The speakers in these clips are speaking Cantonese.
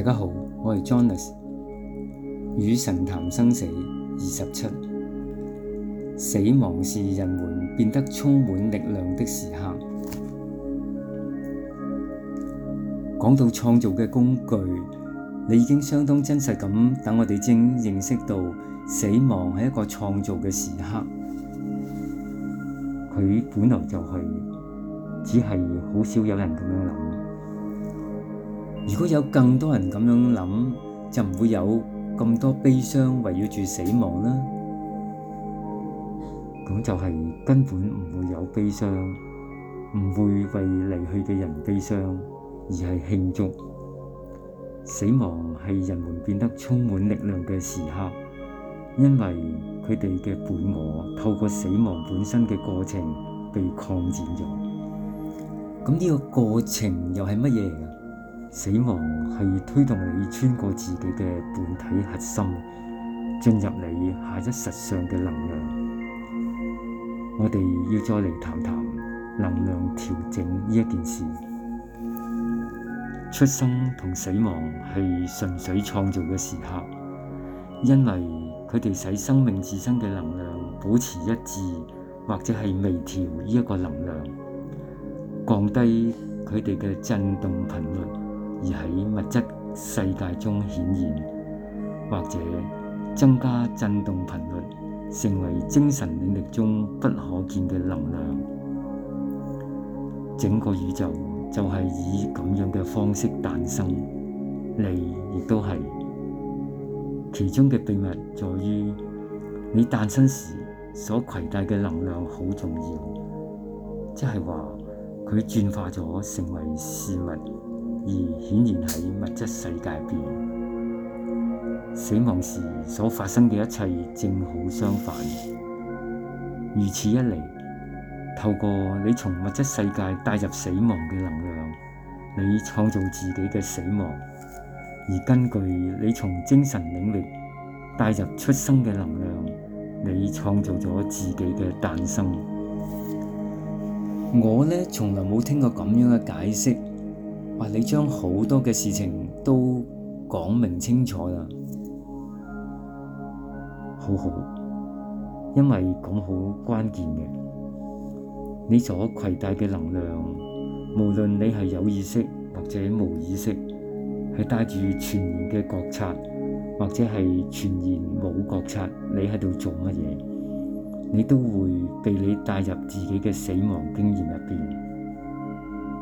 大家好，我係 Jonas，與神談生死二十七，死亡是人們變得充滿力量的時刻。講到創造嘅工具，你已經相當真實咁，等我哋正認識到死亡係一個創造嘅時刻，佢本來就係，只係好少有人咁樣諗。如果有更多人咁樣諗，就唔會有咁多悲傷圍繞住死亡啦。咁就係根本唔會有悲傷，唔會為離去嘅人悲傷，而係慶祝。死亡係人們變得充滿力量嘅時刻，因為佢哋嘅本我透過死亡本身嘅過程被擴展咗。咁呢個過程又係乜嘢嚟噶？死亡係推動你穿過自己嘅本體核心，進入你下一實相嘅能量。我哋要再嚟談談能量調整呢一件事。出生同死亡係純粹創造嘅時刻，因為佢哋使生命自身嘅能量保持一致，或者係微調呢一個能量，降低佢哋嘅振動頻率。而喺物質世界中顯現，或者增加震動頻率，成為精神領域中不可見嘅能量。整個宇宙就係以咁樣嘅方式誕生，你亦都係。其中嘅秘密在於你誕生時所攜帶嘅能量好重要，即係話佢轉化咗成為事物。而顯然喺物質世界邊，死亡時所發生嘅一切正好相反。如此一嚟，透過你從物質世界帶入死亡嘅能量，你創造自己嘅死亡；而根據你從精神領域帶入出生嘅能量，你創造咗自己嘅誕生。我呢，從來冇聽過咁樣嘅解釋。哇、啊！你將好多嘅事情都講明清楚啦，好好，因為講好關鍵嘅，你所攜帶嘅能量，無論你係有意識或者冇意識，係帶住全然嘅覺察，或者係全然冇覺察，你喺度做乜嘢，你都會被你帶入自己嘅死亡經驗入邊，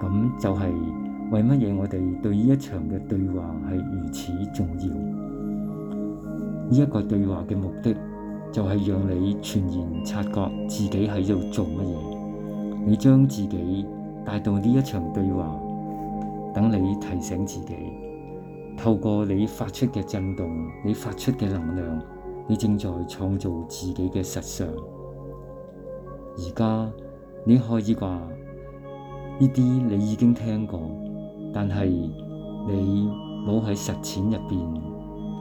咁就係、是。為乜嘢我哋對呢一場嘅對話係如此重要？呢一個對話嘅目的就係讓你全然察覺自己喺度做乜嘢。你將自己帶到呢一場對話，等你提醒自己，透過你發出嘅震動，你發出嘅能量，你正在創造自己嘅實相。而家你可以話呢啲你已經聽過。.但係你冇喺實踐入邊，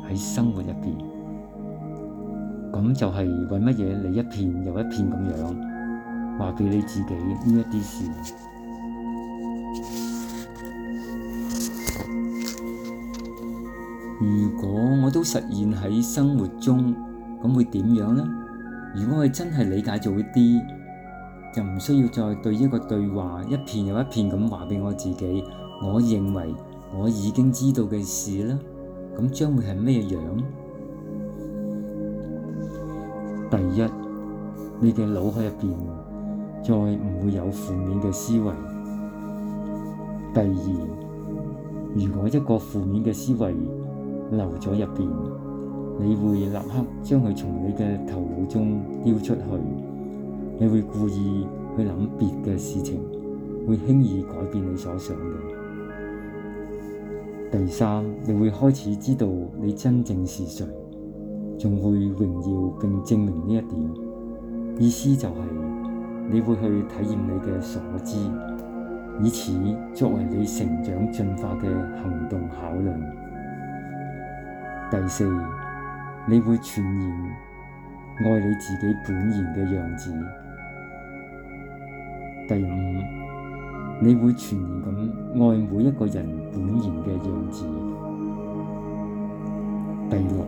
喺生活入邊，咁就係為乜嘢？你一遍又一遍咁樣話俾你自己呢一啲事。如果我都實現喺生活中，咁會點樣呢？如果我真係理解咗啲，就唔需要再對呢個對話一遍又一遍咁話俾我自己。我認為我已經知道嘅事啦，咁將會係咩樣？第一，你嘅腦海入邊再唔會有負面嘅思維。第二，如果一個負面嘅思維留咗入邊，你會立刻將佢從你嘅頭腦中丟出去。你會故意去諗別嘅事情，會輕易改變你所想嘅。第三，你會開始知道你真正是誰，仲會榮耀並證明呢一點。意思就係、是、你會去體驗你嘅所知，以此作為你成長進化嘅行動考量。第四，你會全然愛你自己本然嘅樣子。第五。你會全然咁愛每一個人本然嘅樣子。第六，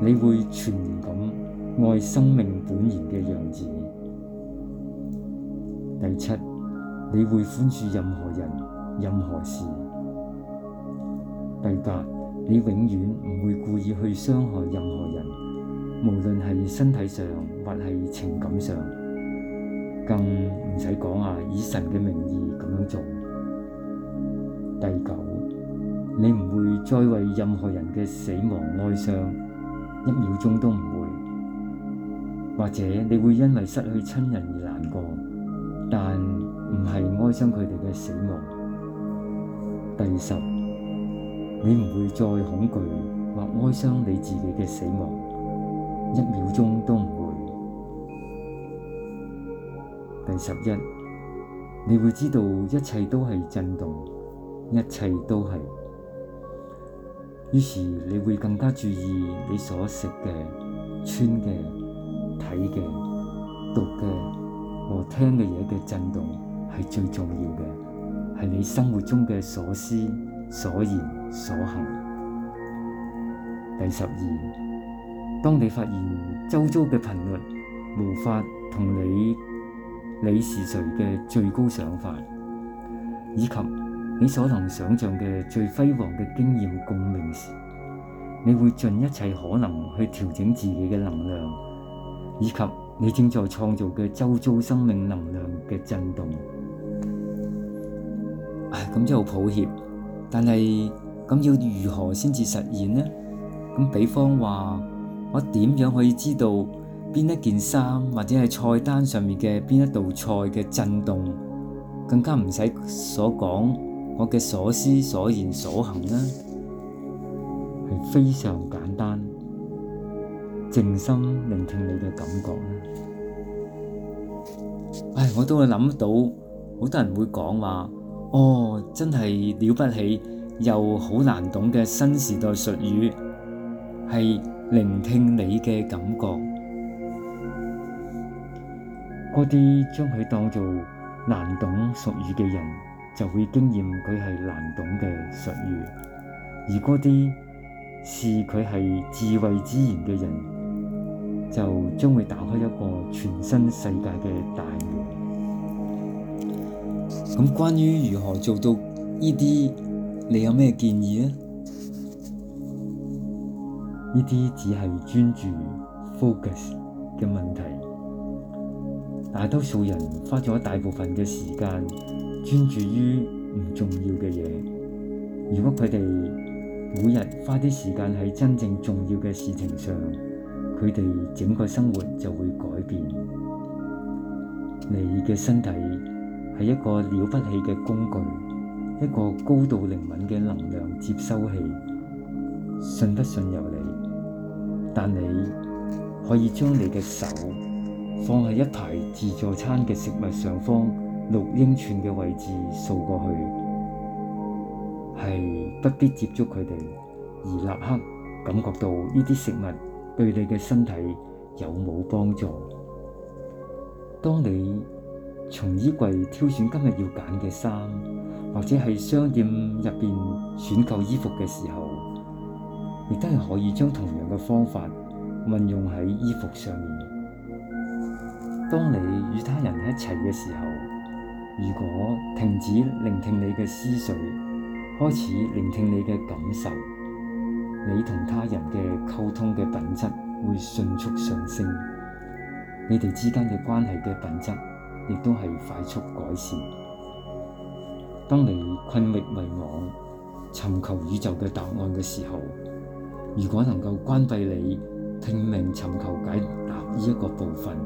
你會全然咁愛生命本然嘅樣子。第七，你會寬恕任何人、任何事。第八，你永遠唔會故意去傷害任何人，無論係身體上或係情感上。更唔使講啊，以神嘅名義咁樣做。第九，你唔會再為任何人嘅死亡哀傷，一秒鐘都唔會。或者你會因為失去親人而難過，但唔係哀傷佢哋嘅死亡。第十，你唔會再恐懼或哀傷你自己嘅死亡，一秒鐘都唔。十一，你會知道一切都係震動，一切都係。於是你會更加注意你所食嘅、穿嘅、睇嘅、讀嘅和聽嘅嘢嘅震動係最重要嘅，係你生活中嘅所思、所言、所行。第十二，當你發現周遭嘅頻率無法同你。你是誰嘅最高想法，以及你所能想象嘅最輝煌嘅經驗共鳴時，你會盡一切可能去調整自己嘅能量，以及你正在創造嘅周遭生命能量嘅震動。唉，咁真係好抱歉，但係咁要如何先至實現呢？咁比方話，我點樣可以知道？邊一件衫，或者係菜單上面嘅邊一道菜嘅震動，更加唔使所講，我嘅所思所言所行啦，係非常簡單，靜心聆聽你嘅感覺啦。唉，我都會諗到，好多人會講話，哦，真係了不起，又好難懂嘅新時代術語，係聆聽你嘅感覺。嗰啲將佢當做難懂術語嘅人，就會經驗佢係難懂嘅術語；而嗰啲視佢係智慧之言嘅人，就將會打開一個全新世界嘅大門。咁，關於如何做到呢啲，你有咩建議呢？呢啲只係專注 focus 嘅問題。大多數人花咗大部分嘅時間專注於唔重要嘅嘢。如果佢哋每日花啲時間喺真正重要嘅事情上，佢哋整個生活就會改變。你嘅身體係一個了不起嘅工具，一個高度靈敏嘅能量接收器。信不信由你，但你可以將你嘅手。放喺一排自助餐嘅食物上方六英寸嘅位置掃過去，係不必接觸佢哋，而立刻感覺到呢啲食物對你嘅身體有冇幫助。當你從衣櫃挑選今日要揀嘅衫，或者係商店入邊選購衣服嘅時候，亦都係可以將同樣嘅方法運用喺衣服上面。當你與他人一齊嘅時候，如果停止聆聽你嘅思緒，開始聆聽你嘅感受，你同他人嘅溝通嘅品質會迅速上升，你哋之間嘅關係嘅品質亦都係快速改善。當你困惑迷惘，尋求宇宙嘅答案嘅時候，如果能夠關閉你拼命尋求解答呢一個部分，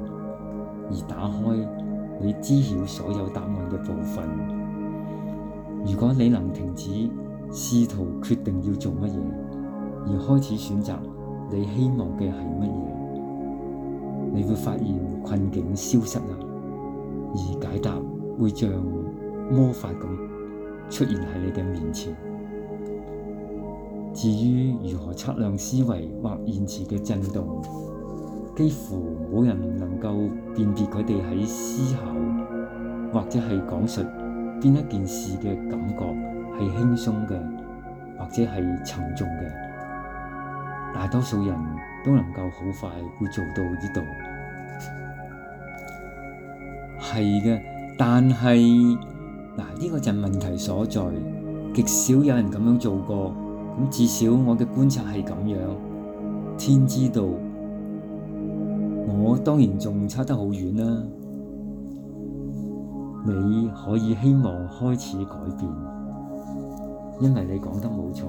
而打開你知曉所有答案嘅部分。如果你能停止試圖決定要做乜嘢，而開始選擇你希望嘅係乜嘢，你會發現困境消失啦，而解答會像魔法咁出現喺你嘅面前。至於如何測量思維或言詞嘅震動？幾乎冇人能夠辨別佢哋喺思考或者係講述邊一件事嘅感覺係輕鬆嘅，或者係沉重嘅。大多數人都能夠好快會做到呢度，係嘅。但係嗱，呢個就係問題所在，極少有人咁樣做過。咁至少我嘅觀察係咁樣，天知道。我當然仲差得好遠啦，你可以希望開始改變，因為你講得冇錯，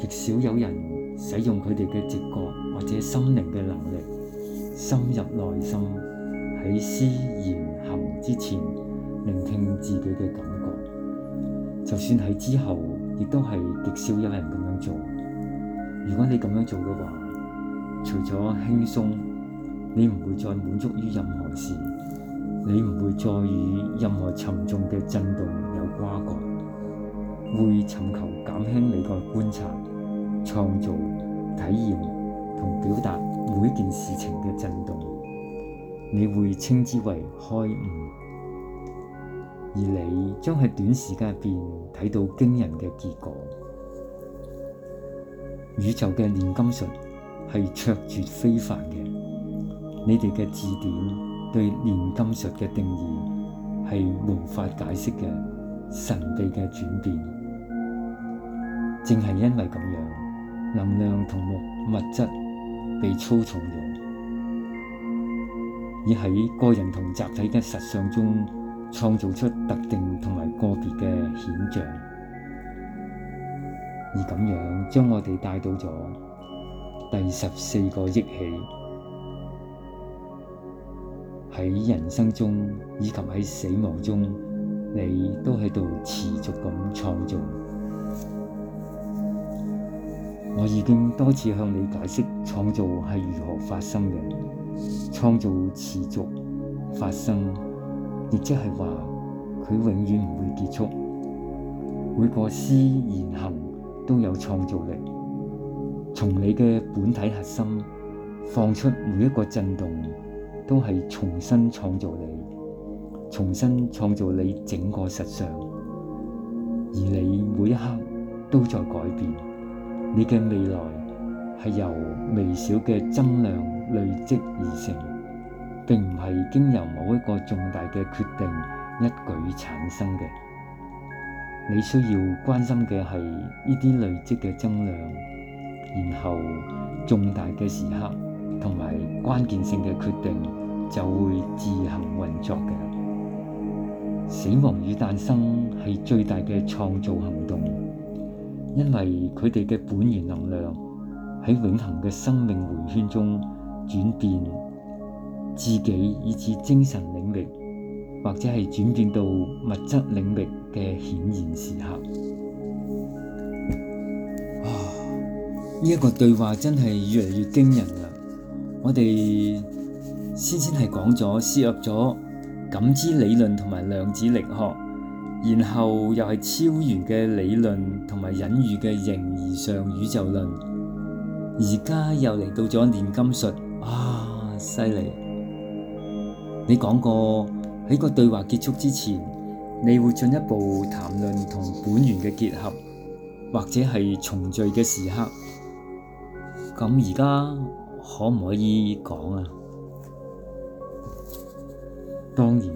極少有人使用佢哋嘅直覺或者心靈嘅能力，深入內心，喺思言行之前聆聽自己嘅感覺，就算喺之後亦都係極少有人咁樣做。如果你咁樣做嘅話，除咗輕鬆。你唔會再滿足於任何事，你唔會再與任何沉重嘅震動有瓜葛，會尋求減輕你個觀察、創造、體驗同表達每件事情嘅震動。你會稱之為開悟，而你將喺短時間入邊睇到驚人嘅結果。宇宙嘅煉金術係卓絕非凡嘅。你哋嘅字典對煉金術嘅定義係無法解釋嘅神秘嘅轉變，正係因為咁樣，能量同物物質被操縱用以，而喺個人同集體嘅實相中創造出特定同埋個別嘅顯象，而咁樣將我哋帶到咗第十四個憶起。喺人生中，以及喺死亡中，你都喺度持續咁創造。我已經多次向你解釋創造係如何發生嘅，創造持續發生，亦即係話佢永遠唔會結束。每個思言行都有創造力，從你嘅本體核心放出每一個震動，都係重新創造你，重新創造你整個實相，而你每一刻都在改變。你嘅未來係由微小嘅增量累積而成，並唔係經由某一個重大嘅決定一舉產生嘅。你需要關心嘅係呢啲累積嘅增量，然後重大嘅時刻，同埋關鍵性嘅決定就會自行運作嘅。死亡與誕生係最大嘅創造行動，因為佢哋嘅本源能量喺永恒嘅生命回圈中轉變自己，以至精神領域或者係轉變到物質領域嘅顯現時刻。啊！呢一個對話真係越嚟越驚人。我哋先先係講咗涉入咗感知理論同埋量子力學，然後又係超元嘅理論同埋隱喻嘅形而上宇宙論，而家又嚟到咗煉金術，啊，犀利！你講過喺個對話結束之前，你會進一步談論同本源嘅結合，或者係重聚嘅時刻。咁而家？可唔可以講啊？當然，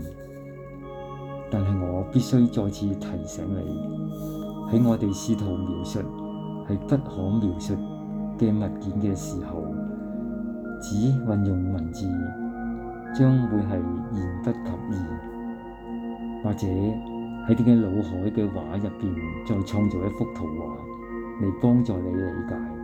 但係我必須再次提醒你，喺我哋試圖描述係不可描述嘅物件嘅時候，只運用文字將會係言不及義，或者喺你嘅腦海嘅畫入邊再創造一幅圖畫，嚟幫助你理解。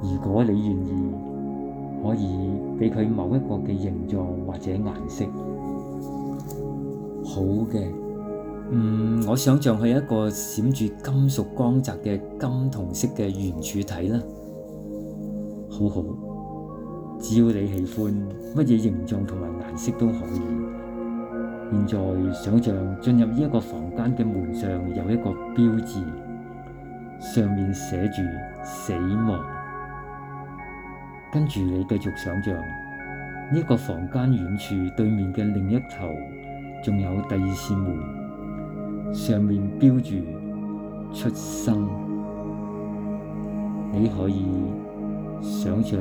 如果你願意，可以畀佢某一個嘅形狀或者顏色，好嘅。嗯，我想像係一個閃住金屬光澤嘅金銅色嘅圓柱體啦。好好，只要你喜歡，乜嘢形狀同埋顏色都可以。現在想像進入呢一個房間嘅門上有一個標誌，上面寫住死亡。跟住你繼續想象呢一個房間遠處對面嘅另一頭，仲有第二扇門，上面標住出生。你可以想象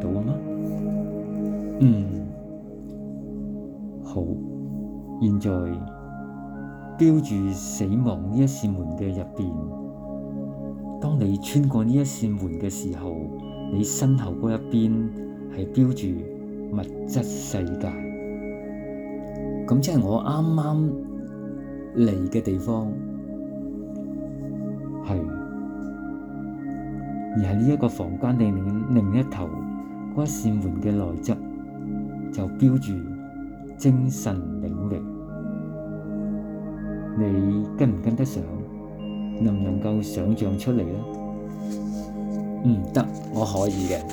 到嗎？嗯，好。現在標住死亡呢一扇門嘅入邊，當你穿過呢一扇門嘅時候。你身後嗰一邊係標住物質世界，咁即係我啱啱嚟嘅地方係，而喺呢一個房間裏面另一頭嗰扇門嘅內側就標住精神領域，你跟唔跟得上，能唔能夠想象出嚟呢？唔得、嗯，我可以嘅、啊。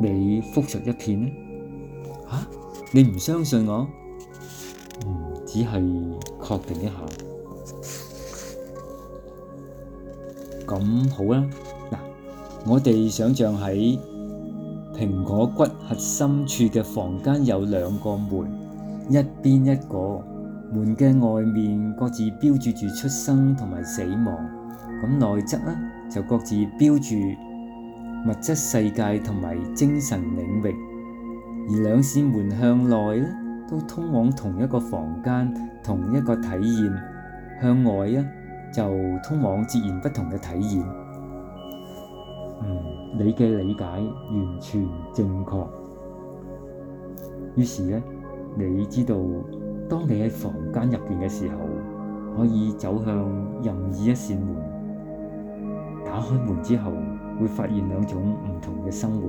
你複述一遍啦。你唔相信我？嗯，只係確定一下。咁、嗯、好啊。嗱，我哋想象喺蘋果骨核心處嘅房間有兩個門，一邊一個門嘅外面各自標注住出生同埋死亡。咁內側咧，就各自標註物質世界同埋精神領域，而兩扇門向內咧都通往同一個房間、同一個體驗，向外咧就通往截然不同嘅體驗。嗯，你嘅理解完全正確。於是咧，你知道當你喺房間入邊嘅時候，可以走向任意一扇門，打開門之後會發現兩種唔同嘅生活，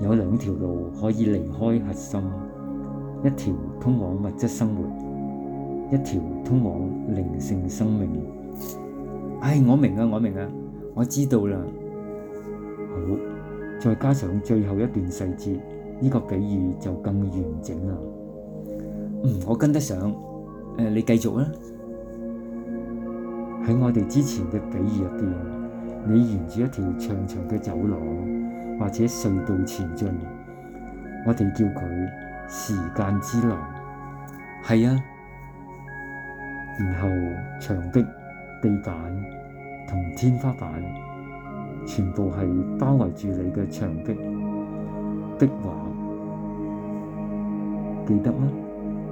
有兩條路可以離開核心，一條通往物質生活，一條通往靈性生命。唉，我明啊，我明啊，我知道啦。好，再加上最後一段細節，呢個比喻就更完整啦。嗯，我跟得上，呃，你繼續啦。喺我哋之前嘅比喻入邊，你沿住一條長長嘅走廊或者隧道前進，我哋叫佢時間之廊，係啊。然後牆壁、地板同天花板全部係包圍住你嘅牆壁壁畫，記得嗎？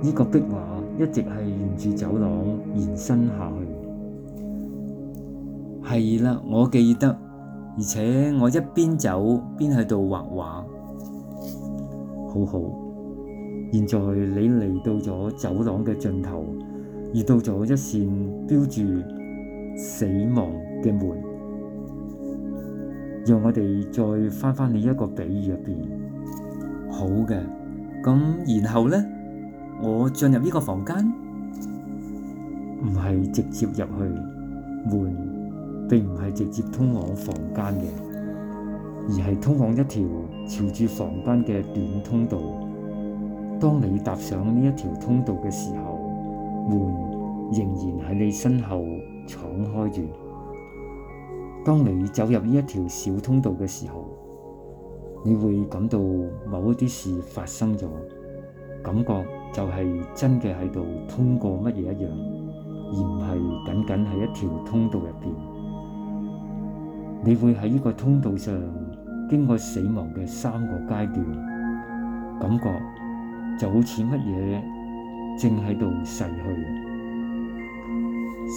呢個壁畫一直係沿住走廊延伸下去。係啦，我記得，而且我一邊走邊喺度畫畫，畫畫好好。現在你嚟到咗走廊嘅盡頭，遇到咗一扇標住死亡嘅門。讓我哋再翻返你一個比喻入邊，好嘅。咁然後呢，我進入呢個房間，唔係直接入去門。並唔係直接通往房間嘅，而係通往一條朝住房間嘅短通道。當你踏上呢一條通道嘅時候，門仍然喺你身後敞開住。當你走入呢一條小通道嘅時候，你會感到某一啲事發生咗，感覺就係真嘅喺度通過乜嘢一樣，而唔係僅僅喺一條通道入面。你會喺呢個通道上經過死亡嘅三個階段，感覺就好似乜嘢正喺度逝去。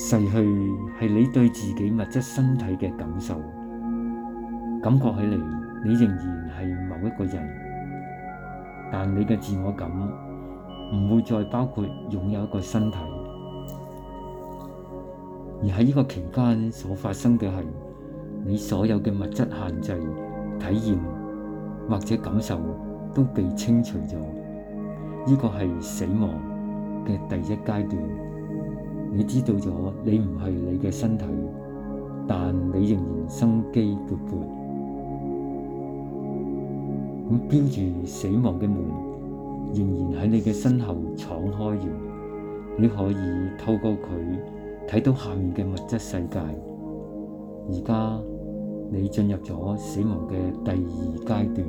逝去係你對自己物質身體嘅感受，感覺起嚟你仍然係某一個人，但你嘅自我感唔會再包括擁有一個身體。而喺呢個期間所發生嘅係。你所有嘅物質限制、體驗或者感受都被清除咗，呢、這個係死亡嘅第一階段。你知道咗，你唔係你嘅身體，但你仍然生機勃勃。咁標住死亡嘅門仍然喺你嘅身後敞開完，你可以透過佢睇到下面嘅物質世界。而家。你進入咗死亡嘅第二階段，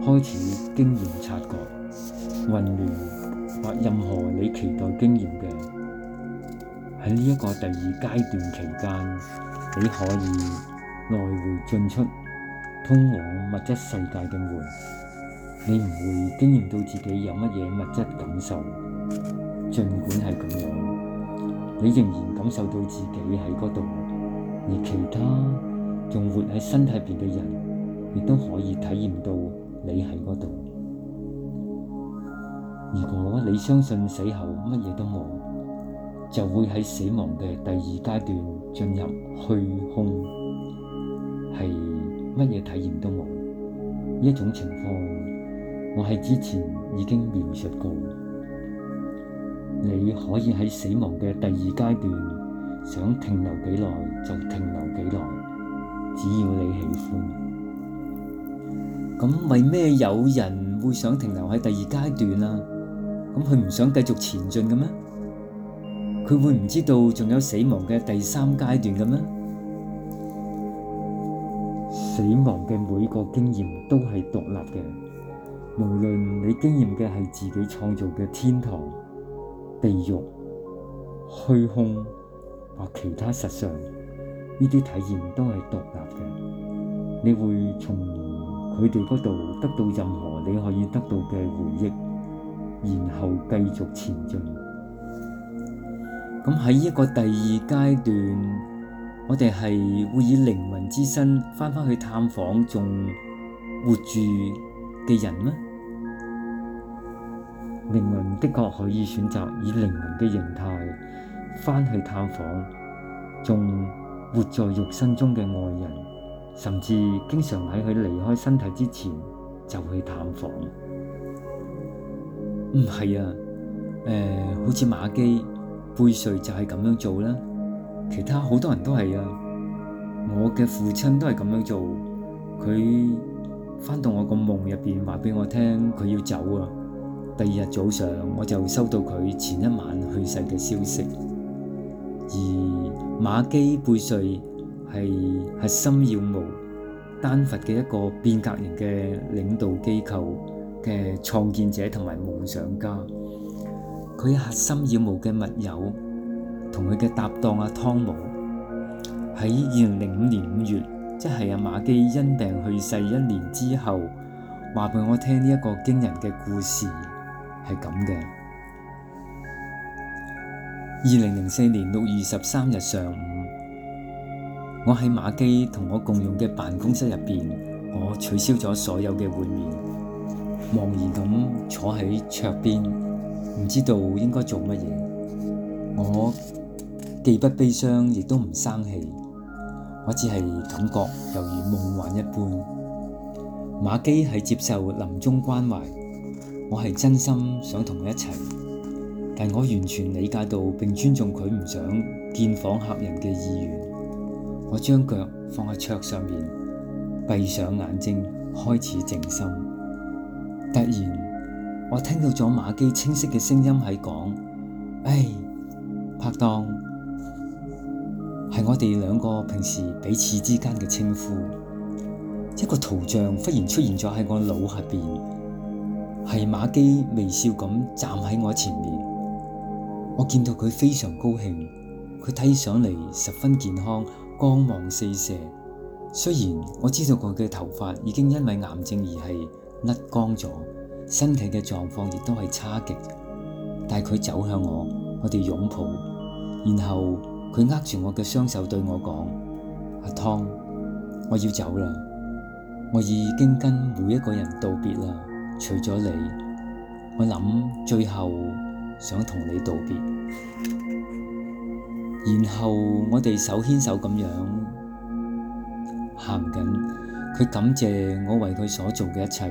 開始經驗察覺、混亂或任何你期待經驗嘅。喺呢一個第二階段期間，你可以來回進出通往物質世界嘅門。你唔會經驗到自己有乜嘢物質感受，儘管係咁樣，你仍然感受到自己喺嗰度。而其他仲活喺身體入邊嘅人，亦都可以體驗到你喺嗰度。如果你相信死後乜嘢都冇，就會喺死亡嘅第二階段進入虛空，係乜嘢體驗都冇。呢一種情況，我喺之前已經描述過。你可以喺死亡嘅第二階段。想停留幾耐就停留幾耐，只要你喜歡。咁為咩有人會想停留喺第二階段啊？咁佢唔想繼續前進嘅咩？佢會唔知道仲有死亡嘅第三階段嘅咩？死亡嘅每個經驗都係獨立嘅，無論你經驗嘅係自己創造嘅天堂、地獄、虛空。或其他實相，呢啲體驗都係獨立嘅。你會從佢哋嗰度得到任何你可以得到嘅回憶，然後繼續前進。咁喺呢個第二階段，我哋係會以靈魂之身翻返去探訪仲活住嘅人咩？靈魂的確可以選擇以靈魂嘅形態。翻去探訪仲活在肉身中嘅愛人，甚至經常喺佢離開身體之前就去探訪。唔係啊，誒、呃，好似馬基貝瑞就係咁樣做啦。其他好多人都係啊。我嘅父親都係咁樣做。佢翻到我個夢入邊話俾我聽，佢要走啊。第二日早上我就收到佢前一晚去世嘅消息。而馬基貝瑞係核心要務丹佛嘅一個變革型嘅領導機構嘅創建者同埋夢想家，佢核心要務嘅密友同佢嘅搭檔阿湯姆喺二零零五年五月，即係阿馬基因病去世一年之後，話俾我聽呢一個驚人嘅故事係咁嘅。二零零四年六月十三日上午，我喺馬基同我共用嘅辦公室入邊，我取消咗所有嘅會面，茫然咁坐喺桌邊，唔知道應該做乜嘢。我既不悲傷，亦都唔生氣，我只係感覺猶如夢幻一般。馬基喺接受臨終關懷，我係真心想同佢一齊。但我完全理解到並尊重佢唔想見訪客人嘅意願，我將腳放喺桌上面，閉上眼睛，開始靜心。突然，我聽到咗馬基清晰嘅聲音喺講：唉、哎，拍檔，係我哋兩個平時彼此之間嘅稱呼。一個圖像忽然出現咗喺我腦入邊，係馬基微笑咁站喺我前面。我見到佢非常高興，佢睇上嚟十分健康，光芒四射。雖然我知道佢嘅頭髮已經因為癌症而係甩光咗，身體嘅狀況亦都係差極，但佢走向我，我哋擁抱，然後佢握住我嘅雙手對我講：阿湯，我要走啦，我已經跟每一個人道別啦，除咗你，我諗最後。想同你道別，然後我哋手牽手咁樣行緊，佢感謝我為佢所做嘅一切，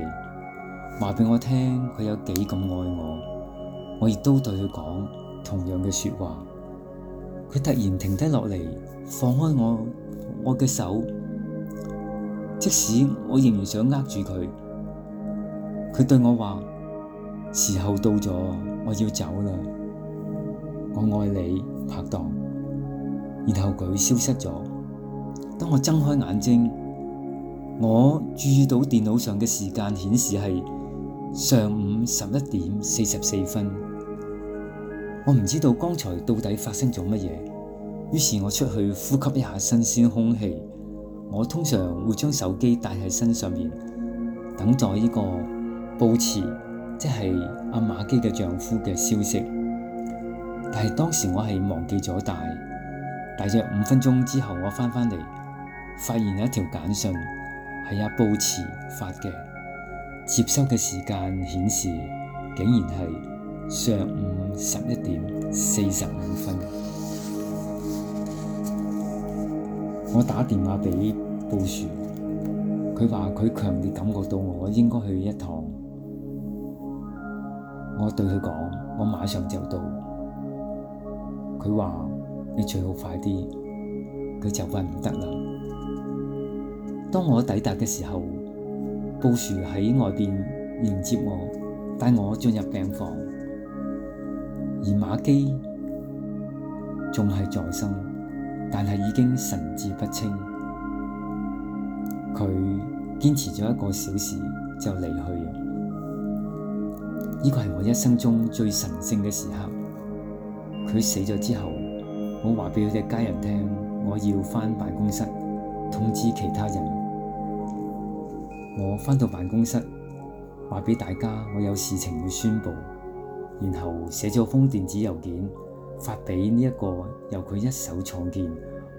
話畀我聽佢有幾咁愛我，我亦都對佢講同樣嘅說話。佢突然停低落嚟，放開我我嘅手，即使我仍然想握住佢，佢對我話時候到咗。我要走啦，我愛你，拍檔。然後佢消失咗。當我睜開眼睛，我注意到電腦上嘅時間顯示係上午十一點四十四分。我唔知道剛才到底發生咗乜嘢，於是我出去呼吸一下新鮮空氣。我通常會將手機帶喺身上面，等在呢個布池。即係阿瑪基嘅丈夫嘅消息，但係當時我係忘記咗帶，大約五分鐘之後我返返嚟，發現有一條簡訊係阿布慈發嘅，接收嘅時間顯示竟然係上午十一點四十五分，我打電話俾布殊，佢話佢強烈感覺到我應該去一趟。我對佢講，我馬上就到。佢話你最好快啲，佢就快唔得啦。當我抵達嘅時候，布殊喺外邊迎接我，帶我進入病房。而馬基仲係在生，但係已經神志不清。佢堅持咗一個小時就離去。呢個係我一生中最神聖嘅時刻。佢死咗之後，我話畀佢嘅家人聽，我要返辦公室通知其他人。我返到辦公室，話畀大家我有事情，要宣佈，然後寫咗封電子郵件發畀呢一個由佢一手創建、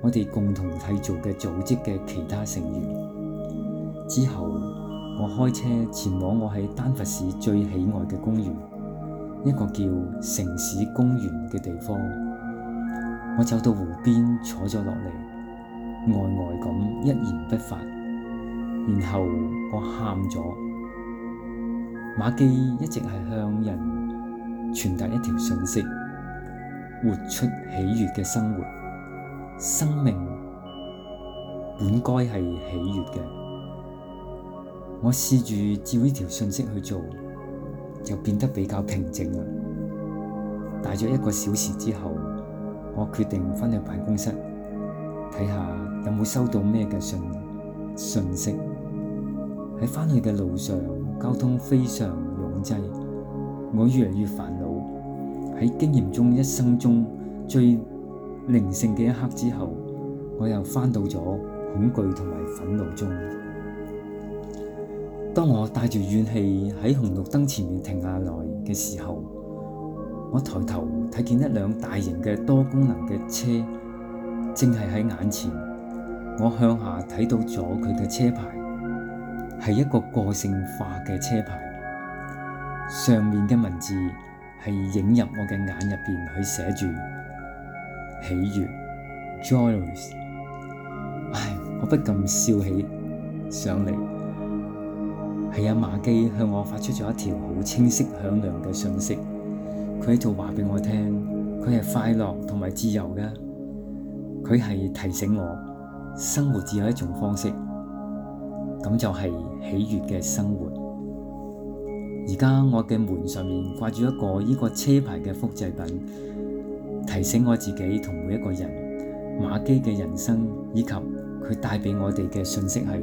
我哋共同締造嘅組織嘅其他成員。之後。我開車前往我喺丹佛市最喜愛嘅公園，一個叫城市公園嘅地方。我走到湖邊坐咗落嚟，呆呆咁一言不發，然後我喊咗。馬記一直係向人傳達一條訊息：活出喜悦嘅生活，生命本該係喜悦嘅。我試住照呢條信息去做，就變得比較平靜啦。大約一個小時之後，我決定翻入辦公室睇下有冇收到咩嘅信信息。喺翻去嘅路上，交通非常擁擠，我越嚟越煩惱。喺經驗中一生中最靈性嘅一刻之後，我又翻到咗恐懼同埋憤怒中。當我帶住怨氣喺紅綠燈前面停下來嘅時候，我抬頭睇見一輛大型嘅多功能嘅車正係喺眼前。我向下睇到咗佢嘅車牌，係一個個性化嘅車牌，上面嘅文字係影入我嘅眼入邊，佢寫住喜悦 （Joyous）。唉，我不禁笑起上嚟。係啊，馬基向我發出咗一條好清晰響亮嘅訊息，佢喺度話畀我聽，佢係快樂同埋自由嘅，佢係提醒我，生活只有一種方式，咁就係喜悅嘅生活。而家我嘅門上面掛住一個呢個車牌嘅複製品，提醒我自己同每一個人，馬基嘅人生以及佢帶畀我哋嘅訊息係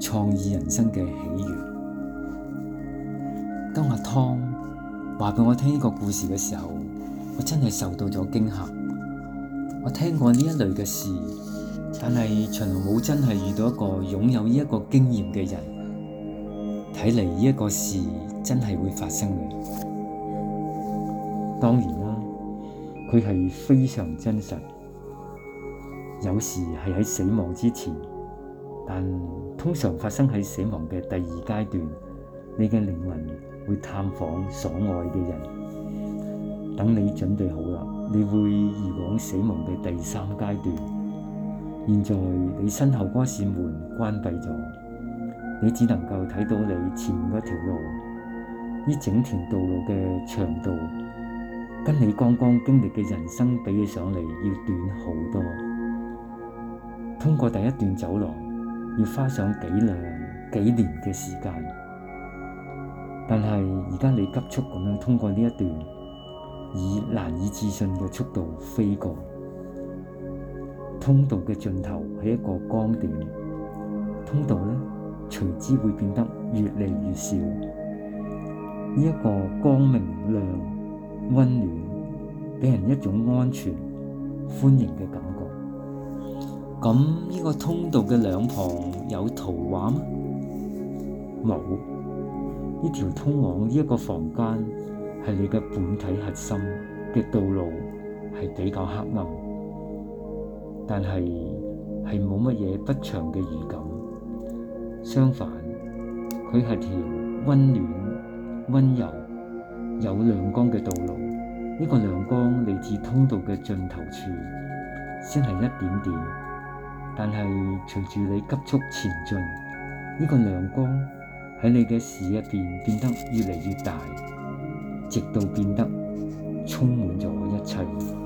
創意人生嘅喜悅。當阿湯話畀我聽呢個故事嘅時候，我真係受到咗驚嚇。我聽過呢一類嘅事，但係從來冇真係遇到一個擁有呢一個經驗嘅人。睇嚟呢一個事真係會發生嘅。當然啦，佢係非常真實。有時係喺死亡之前，但通常發生喺死亡嘅第二階段，你嘅靈魂會探訪所愛嘅人，等你準備好啦，你會移往死亡嘅第三階段。現在你身後嗰扇門關閉咗，你只能夠睇到你前面嗰條路。呢整條道路嘅長度，跟你剛剛經歷嘅人生比起上嚟，要短好多。通過第一段走廊，要花上幾兩幾年嘅時間。但係而家你急速咁樣通過呢一段，以難以置信嘅速度飛過通道，嘅盡頭係一個光點，通道咧隨之會變得越嚟越小。呢、這、一個光明亮、溫暖，俾人一種安全、歡迎嘅感覺。咁呢個通道嘅兩旁有圖畫嗎？冇。呢條通往呢一個房間係你嘅本體核心嘅道路係比較黑暗，但係係冇乜嘢不祥嘅預感。相反，佢係條温暖、温柔、有亮光嘅道路。呢個亮光嚟自通道嘅盡頭處，先係一點點，但係隨住你急速前進，呢個亮光喺你嘅視入面變得越嚟越大，直到變得充滿咗一切。